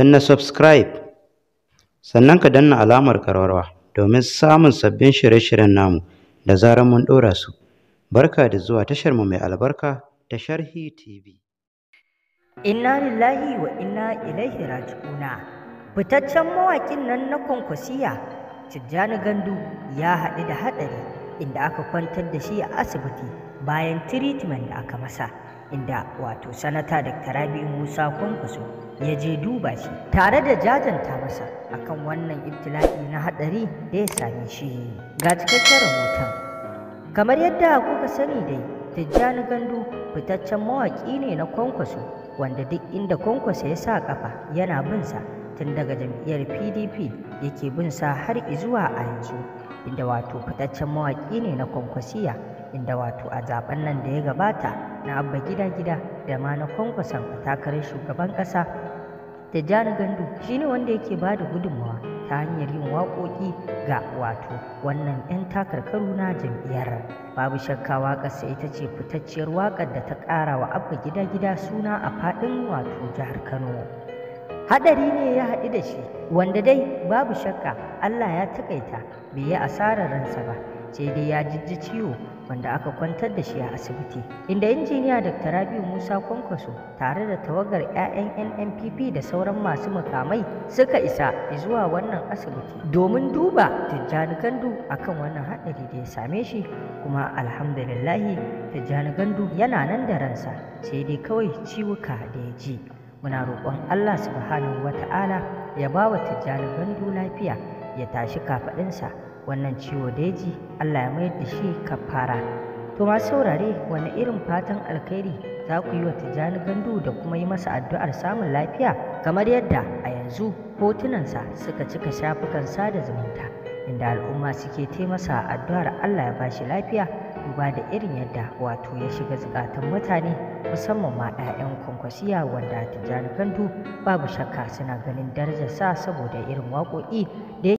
na subscribe sannan ka danna alamar karwarwa domin samun sabbin shirye-shiryen namu da zarar mun ɗora su barka da zuwa tashar mu mai albarka ta sharhi tv inna lillahi wa inna ilaihi raji'una fitaccen mawaƙin nan na kwankwasiya tijjani gandu ya haɗu da haɗari inda aka kwantar da shi a asibiti bayan treatment da aka masa inda wato sanata da rabi musa kwankwaso ya je duba shi tare da jajanta masa akan wannan ibtila'i na hadari da ya same shi ga cikakken rahoton kamar yadda kuka sani dai tijjani gandu fitaccen mawaƙi ne na kwankwaso wanda duk inda kwankwaso ya sa kafa yana bin sa tun daga jam'iyyar pdp yake bin sa har izuwa a yanzu inda wato fitaccen mawaki ne na kwankwasiya inda wato a zaben nan da ya gabata na abba gida gida da ma na kwankwason takarar shugaban ƙasa jihar gandu shine wanda yake ba da gudunmawa ta hanyar yin waƙoƙi ga wato wannan 'yan takarkaru na jam'iyyar babu shakka waƙarsa ita ce fitacciyar waƙar da ta ƙara wa abba gida gida suna a faɗin wato jihar kano haɗari ne ya haɗu da shi wanda dai babu shakka allah ya taƙaita bai yi asarar ransa ba sai dai ya jijji ciwo wanda aka kwantar da shi a asibiti inda injiniya dr rabiu musa kwankwaso tare da tawagar 'ya'yan nnpp da sauran masu mukamai suka isa zuwa wannan asibiti domin duba tijjani gandu akan wannan haɗari da ya same shi kuma alhamdulillahi tijjani gandu yana nan da ransa sai dai kawai ciwuka da ya ji muna roƙon allah subhanahu wata'ala ya ba wa tijjani gandu lafiya ya tashi kafaɗinsa wannan ciwo daji allah ya mai da shi kafara to ma saurare wani irin fatan alkhairi za ku yi wa tijjani gandu da kuma yi masa addu'ar samun lafiya kamar yadda a yanzu hotunansa suka cika shafukan sada zumunta inda al'umma suke masa addu'ar allah ya bashi lafiya duba da irin yadda wato ya shiga zukatan mutane musamman ma 'ya'yan kwankwasiya wanda tijjani gandu babu shakka suna ganin darajarsa saboda irin waƙoƙi da